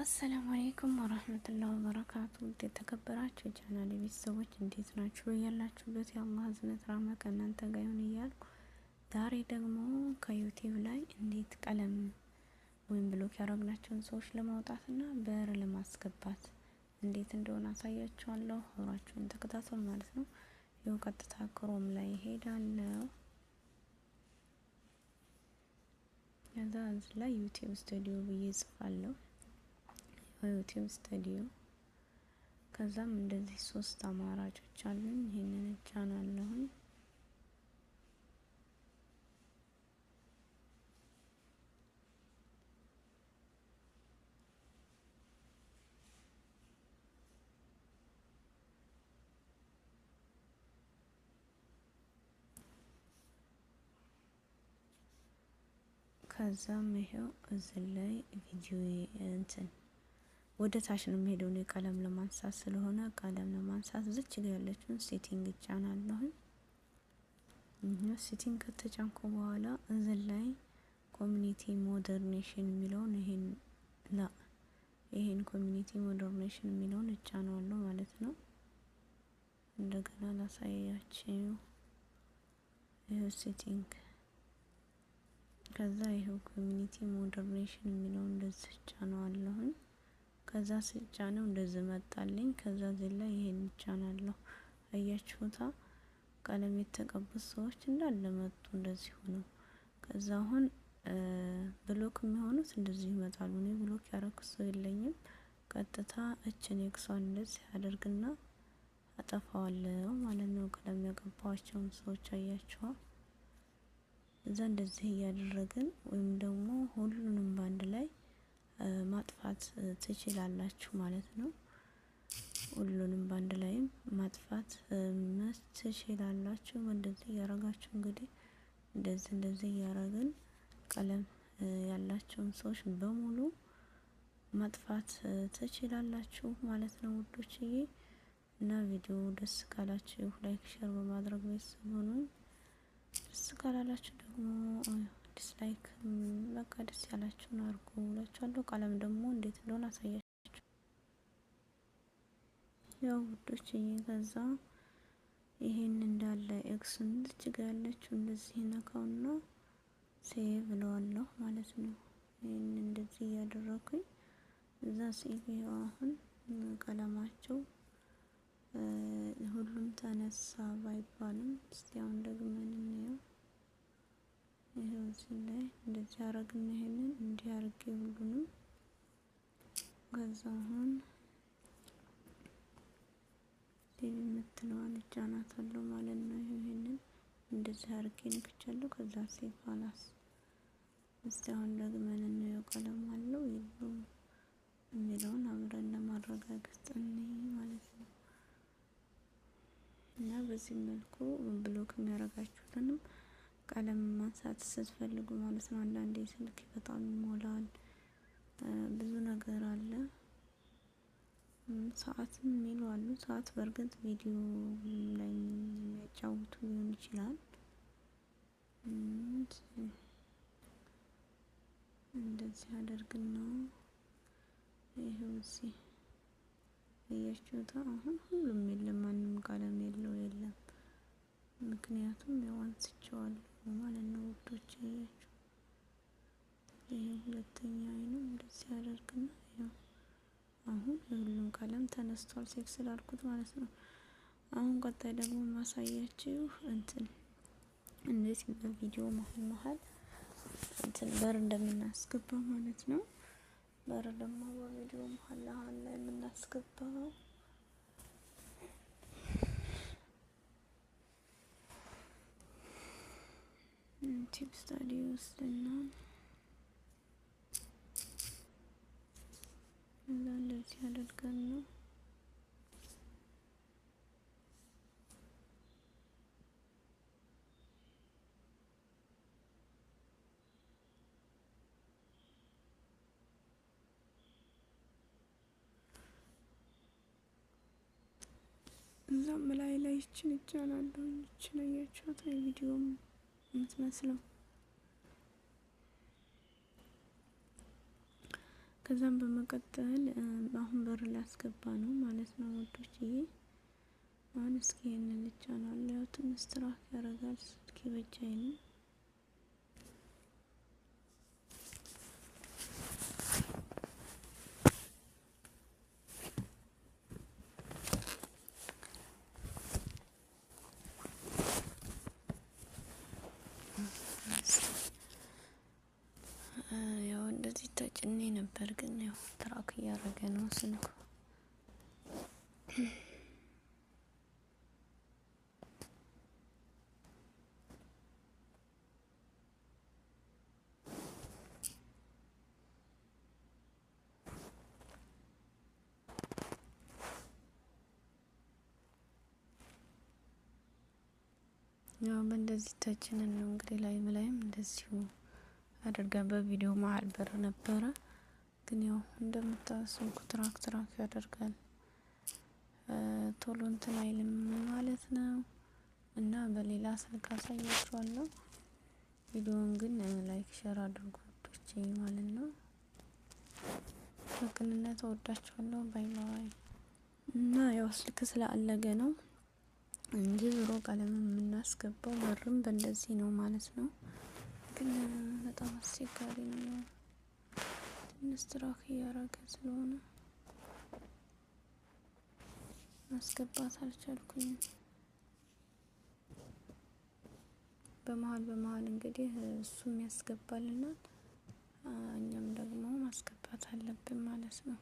አሰላሙ አሌይኩም ወራህመቱላሂ ወበረካቱ። የተከበራችሁ ቻናል ቤተሰቦች እንዴት ናችሁ? ያላችሁበት የአላህ ህዝነት ራመ ከእናንተ ጋር ይሁን እያልኩ ዛሬ ደግሞ ከዩቲዩብ ላይ እንዴት ቀለም ወይም ብሎክ ያደረግናቸውን ሰዎች ለማውጣትና በር ለማስገባት እንዴት እንደሆነ አሳያችኋለሁ። አብራችሁን ተከታተሉ ማለት ነው። ይኸው ቀጥታ ክሮም ላይ ሄዳለሁ። ከዛ እዚህ ላይ ዩቲዩብ ስቱዲዮ ብዬ ጽፋለሁ። በዩቲዩብ ስቱዲዮ። ከዛም እንደዚህ ሶስት አማራጮች አሉኝ። ይህንን እጫናለሁኝ። ከዛም ይሄው እዚህ ላይ ቪዲዮ እንትን ወደ ታች ነው የሚሄደው ነው ቀለም ለማንሳት ስለሆነ ቀለም ለማንሳት ዝች ጋር ያለችውን ሴቲንግ እጫናለሁ። ሴቲንግ ከተጫንኩ በኋላ እዚህ ላይ ኮሚኒቲ ሞደርኔሽን የሚለውን ይሄን ላ ይሄን ኮሚኒቲ ሞደርኔሽን የሚለውን እጫነዋለሁ ማለት ነው። እንደገና ላሳያችሁ። ይሄ ሴቲንግ ከዛ ይሄው ኮሚኒቲ ሞደርኔሽን የሚለውን እንደዚህ እጫነዋለሁኝ። ከዛ ስጫነው እንደዚህ መጣልኝ። ከዛ ዚህ ላይ ይሄን ይጫናለሁ። አያችሁታ ቀለም የተቀቡት ሰዎች እንዳለ መጡ እንደዚህ ሆነው። ከዛ አሁን ብሎክ የሚሆኑት እንደዚህ ይመጣሉ። እኔ ብሎክ ያረኩት ሰው የለኝም። ቀጥታ እችን የክሷን እንደዚህ ያደርግና አጠፋዋለሁ ማለት ነው። ቀለም ያቀባዋቸውን ሰዎች አያችኋል። እዛ እንደዚህ እያደረግን ወይም ደግሞ ሁሉንም በአንድ ላይ ማጥፋት ትችላላችሁ ማለት ነው። ሁሉንም በአንድ ላይም ማጥፋት ትችላላችሁ። እንደዚህ እያረጋችሁ እንግዲህ እንደዚህ እንደዚህ እያረግን ቀለም ያላቸውን ሰዎች በሙሉ ማጥፋት ትችላላችሁ ማለት ነው ውዶችዬ። እና ቪዲዮ ደስ ካላችሁ ላይክ፣ ሼር በማድረግ ቤተሰብ ሆኑኝ። ደስ ካላላችሁ ደግሞ ዲስላይክ በቃ ደስ ያላችሁን አርጉ እላችኋለሁ። ቀለም ደግሞ እንዴት እንደሆነ አሳያችሁ። ያው ውዶች ከዛ ይሄን እንዳለ ኤክስ እንትችጋ ያለችው እንደዚህ ነካውና ሴቭ እለዋለሁ ማለት ነው። ይሄን እንደዚህ እያደረኩኝ እዛ ሴቭ ይኸው አሁን ቀለማቸው ሁሉም ተነሳ ባይባልም እስቲ አሁን ደግመን እናየው። ይሄው እዚህ ላይ እንደዚህ አረግና ይሄንን እንዲህ አርጌ ሁሉንም ከዛ አሁን ሴቭ የምትለዋን እጫናታለሁ ማለት ነው። ይሄንን እንደዚህ አርጌ ነክቻለሁ። ከዛ ሴፍ አላስ እስቲ አሁን ደግመን እንየው። ቀለም አለው የለውም የሚለውን አብረን ለማረጋገጥ እንይ ማለት ነው። እና በዚህ መልኩ ብሎክ የሚያረጋችሁትንም ቀለም ማንሳት ስትፈልጉ ማለት ነው። አንዳንዴ ስልክ በጣም ይሞላል፣ ብዙ ነገር አለ። ሰዓትም የሚሉ አሉ። ሰዓት በእርግጥ ቪዲዮ ላይ የሚያጫውቱ ሊሆን ይችላል። እንደዚህ አደርግና ይሄው እዚህ አያችሁታ። አሁን ሁሉም የለም፣ ማንም ቀለም የለው የለም ምክንያቱም ያው አንስቼዋለሁ ማለት ነው ውዶች። ይሄ ሁለተኛ አይኑ እንደዚህ ያደርግና ያው አሁን የሁሉም ቀለም ተነስቷል ሴፍ ስላልኩት ማለት ነው። አሁን ቀጣይ ደግሞ ማሳያችሁ እንትን እንዴት በቪዲዮ መሀል መሀል እንትን በር እንደምናስገባ ማለት ነው። በር ደግሞ በቪዲዮ መሀል መሀል ላይ የምናስገባው YouTube ስታዲ እና እና እንደዚህ አድርገን ነው እዛም ላይ ላይ ይችን ይቻላል። ይችን አያችኋት ቪዲዮም የምትመስለው። ከዛም በመቀጠል አሁን በር ላስገባ ነው ማለት ነው ወዶች። ይሄ አሁን እስኪ ይህንን ልቻናል ያው ትንሽ ትራክ ያደርጋል ስልክ በጃይ ነው ተጭኔ ነበር፣ ግን ያው ትራክ እያደረገ ነው ስልኩ። ያው በእንደዚህ ተጭነን ነው እንግዲህ ላይ ላይም እንደዚሁ አድርገን በቪዲዮ መሀል በር ነበረ። ግን ያው እንደምታስቡ ትራክ ትራክ ያደርጋል ቶሎ እንትን አይልም ማለት ነው። እና በሌላ ስልክ አሳያችኋለሁ። ቪዲዮውን ግን ላይክ ሼር አድርጉ ውዶቼ ማለት ነው። በቅንነት ወዳችኋለሁ። ባይ ባይ። እና ያው ስልክ ስለአለገ ነው እንጂ ዞሮ ቀለም የምናስገባው በርም በእንደዚህ ነው ማለት ነው። ግን በጣም አስቸጋሪ ነው። ትንሽ ትራክ እያረገ ስለሆነ ማስገባት አልቻልኩኝም። በመሀል በመሀል እንግዲህ እሱም ያስገባልናል፣ እኛም ደግሞ ማስገባት አለብን ማለት ነው።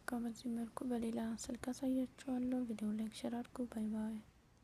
በቃ በዚህ መልኩ በሌላ ስልክ አሳያችኋለሁ። ቪዲዮ ላይክ ሸር አድርጉ። ባይ ባይ።